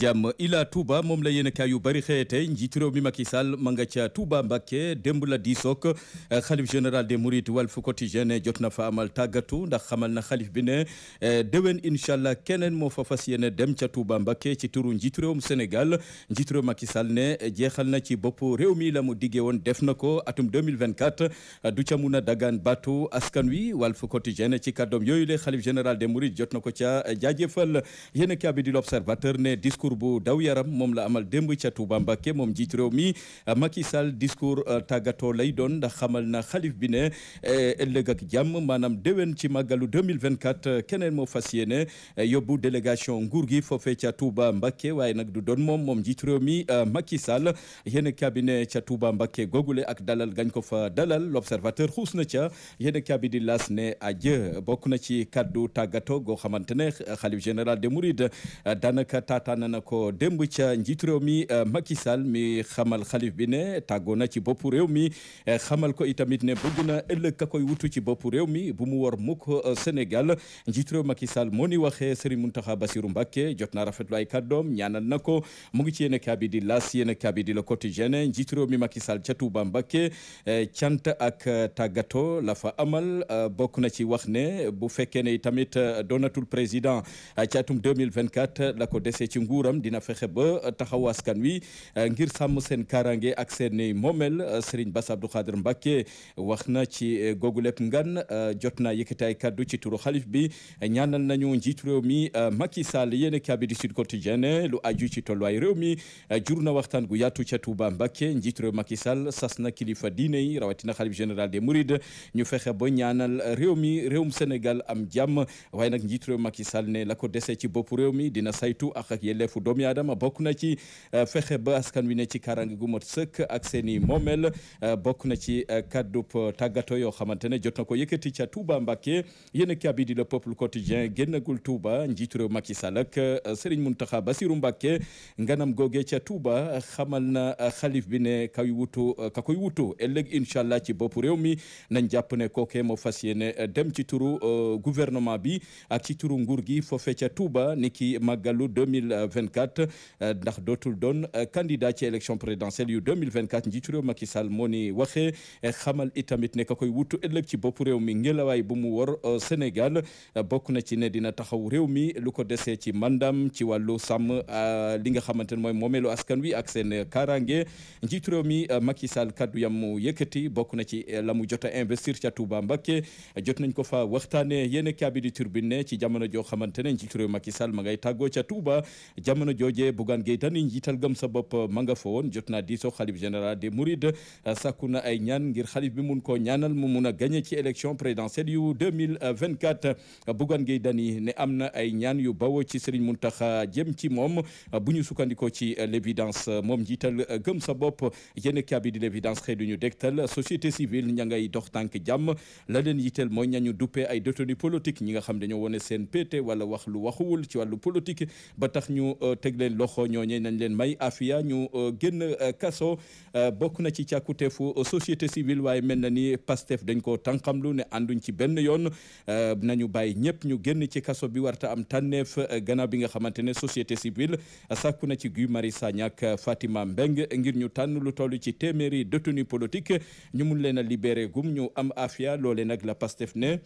jàmm ila Touba moom la yéen kaay yu bari xëyete njiitu réew mi Macky Sall ma nga ca Touba Mbacké démb la diisoog eh, xalif général des Mourides Walf Quotidien eh, jot na faamal amal tàggatu ndax xamal na xalif bi ne eh, déwén incha allah keneen moo fa fas yéene dem ca Touba Mbacké ci turu njiitu réewum Sénégal njiitu réew Macky ne jeexal na ci bopp réew mi la mu diggee woon def na ko atum 2024 du ca mun a dagaan baatu askan wi Walf Quotidien ci kàddoom yooyu le xalif général des Mourides jot na ko ca jaajëfal discours bu daw yaram moom la amal démb ca Touba Mbacké moom jiitu réew mi Macky Sall discours euh, tàggatoo lay doon ndax xamal na xalif bi ne euh, ëllëg ak jàmm maanaam déwén ci màggalu 2024 euh, keneen moo fas yéene yóbbu délégation nguur gi foofee ca Touba Mbacké waaye nag du doon moom moom jiitu réew mi Macky Sall yéen cabinet ca Touba Mbacké googule ak dalal gañ ko fa dalal l'observateur xuus na ca yéen cabinet di las ne adieu bokk na ci kaddu tàggatoo goo xamante ne xalif général des Mourides daanaka taataan na ko démb ca njiitu réew mi euh, Macky Sall mi xamal xalif bi ne tàggoo na ci boppu réew mi euh, xamal ko itamit ne bëgg na ëllëg ka koy wutu ci boppu réew mi bu mu war mukk euh, Sénégal njiitu réew Macky Sall moo ni waxee Serigne Mountakha Bassirou mbakke jot na rafetlu ay kàddoom ñaanal na ko mu ngi ci yéen kabi di las yéen kabi di Le Quotidien njiitu réew mi Macky Sall ca Touba Mbacké cant ak tàggatoo lafa amal bokk na ci wax ne bu fekkee ne itamit doonatul président caatum 2024 la ko dese ci nguur nguuram dina fexe ba euh, taxaw askan wi euh, ngir sàmm seen kaaraange ak seen moomeel euh, seriñ Bass Abdou Khadir Mbacké wax na ci googu lépp ngan jot na naa ay kaddu ci turu xalif bi ñaanal nañu njiitu réew mi Macky Sall yéen kaabi di Sud Quotidien lu aju ci tolluwaay réew mi jur na waxtaan gu yaatu ca Touba Mbacké njiitu réew Macky Sall sas na kilifa diine yi rawatina xalif général des Mourides ñu fexe ba ñaanal réew mi réewum Sénégal am jàmm waaye nag njiitu réew Macky ne la dese ci bopp réew mi yelleefu doomi aadama bokk na ci euh, fexe ba askan wi ne ci kaaraange gu sëkk ak seen i moomeel euh, bokk na ci euh, kaddu tàggato yoo xamante ne jot na ko yëkkati ca Touba Mbacké yéen a kii di le peuple quotidien génnagul Touba njiitu réew Macky Sall ak Serigne Mountakha Bassirou Mbacké nganam googe ca Touba xamal na xalif bi ne kay wutu ka koy wutu ëllëg incha allah ci boppu réew mi nañ jàpp ne kooke moo fas yéene dem ci turu gouvernement bi ak ci turu nguur gi foofee ca Touba niki màggalu 2024 euh, ndax dootul doon euh, candidat ci élection présidentielle yu 2024 njiitu réew Macky Sall moo ni waxee euh, xamal itamit ne ka koy wutu ëllëg ci bopp réew mi ngelawaay bu mu wor Sénégal bokk na ci ne dina taxaw réew mi lu ko desee ci mandam ci wàllu sàmm li nga xamante ne mooy moomeelu askan wi ak seen kaaraange njiitu mi Macky Sall kaddu yam mu yëkkati bokk na ci la mu jot investir ca Touba Mbacké jot nañ ko fa waxtaane yéen a kaabi di turbine ci jamono joo xamante ne njiitu réew Macky Sall ma jamono jooje Bougane Gueye Dany njiital gëm sa bopp ma nga fa woon jot naa diisoo xalif général des Mourides sàkku na ay ñaan ngir xalif bi mun koo ñaanal mu mun a gagné ci élection présidentielle yu 2024 Bougane Gueye Dany ne am na ay ñaan yu bawoo ci mun tax jëm ci moom bu ñu sukkandikoo ci l'évidence moom njiital gëm sa bopp yéen kaabi di l'évidence xëy duñu dégtal société civile ña ngay dox tànk jàmm la leen yitteel mooy ñañu duppee ay détenus politique ñi nga xam dañoo wone seen pété wala wax lu waxuwul ci wàllu politique Euh, teg leen loxo ñooñee nañ leen may afiya ñu euh, génn euh, kaso bokk na ci càkkuteefu société civile waaye mel na ni pastef dañ ko tànqamlu ne ànduñ ci benn yoon nañu bàyyi ñëpp ñu génn ci kaso bi warta am tànneef gannaaw bi nga xamante ne société civile sàkku na ci Guy Marius Sagna ak Fatima Mbeng ngir ñu tànn lu toll ci téeméeri détenu politique ñu mun leen a libéré gum ñu am afiya loole nag la pastef ne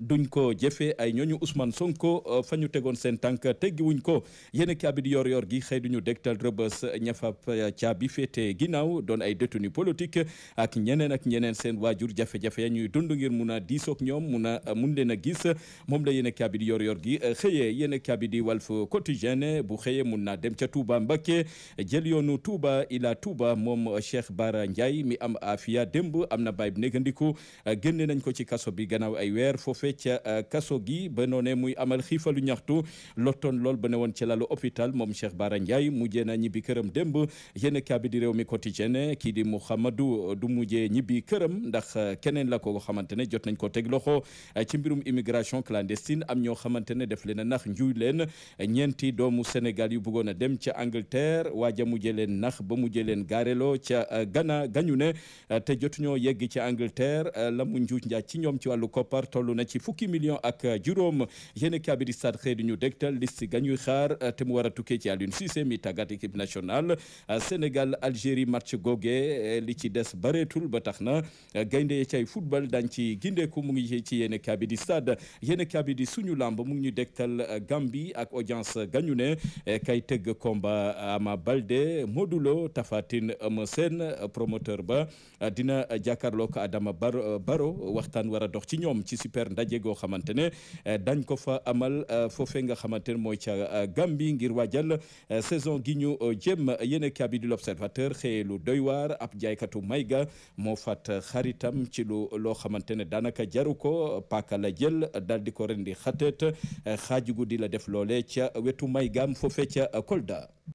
duñ ko jëfee ay ñooñu Ousmane Sonko euh, fa ñu tegoon seen tànk teggiwuñ ko yéen caabi yor yor gi xëy duñu dégtal rëbës ñafab euh, caabi féete ginnaaw doon ay détenu politique ak ñeneen ak ñeneen seen waajur jafe ñuy dund ngir mun a diisoog ñoom mun a euh, mun leen a gis moom la yéen caabi di yor yor gi xëyee yéen kaabidi di Walf Quotidien bu xëyee mun naa dem ca Touba Mbacké jël yoonu Touba ila Touba moom Cheikh Bara Ndiaye mi am afia demb am na baay bu négandiku génne nañ ko ci kaso bi gannaaw ay weer foofu foofee ca euh, kaso gi ba noonee muy amal xiifalu ñaxtu lottoon lool ba ne woon ci lalu hôpital moom Cheikh Bara Ndiaye mujjee na ñibbi këram démb yéen kaa bi di réew mi quotidien kii di Mouhamadou euh, du mujjee ñibbi këram ndax euh, keneen la ko xamante ne jot nañ ko teg loxo ci mbirum immigration clandestine am ñoo xamante ne def leen a nax njuuy leen ñeenti doomu Sénégal yu bëggoon a dem ca Angleterre waaja mujjee leen nax ba mujjee leen gaareloo ca Ghana gañu ne te jotuñoo yegg ca Angleterre la mu njuuj ci ñoom ci ci fukki million ak juróom yéen a bi di stade xëy di ñu dégtal liste ga xaar te mu war a tukkee ci Aliou Cissé mi tàggat équipe nationale Sénégal Algérie match goge li ci des bareetul ba tax na gaynde ya cay football dañ ci gindeeku mu ngi ci yenn a di stade yéen a di suñu lamb mu ngi ñu dégtal Gambie ak audience gañu ne kay tëgg combat Ama Balde Modou Lo Tapha promoteur ba dina jàkkaarloo ko Adama Baro waxtaan war a dox ci ñoom ci super daje goo xamante ne eh, dañ ko fa amal eh, foofee nga xamante ne mooy ca eh, Gambie ngir waajal saison gi ñu jëm yéen kaabi di l'observateur xëye lu doy waar jaaykatu mayga moo fat xaritam ci lo loo xamante ne daanaka jaru ko paaka la jël dal di ko rendi xatet xaaju di la def loole ca wetu maygam foofee ca Kolda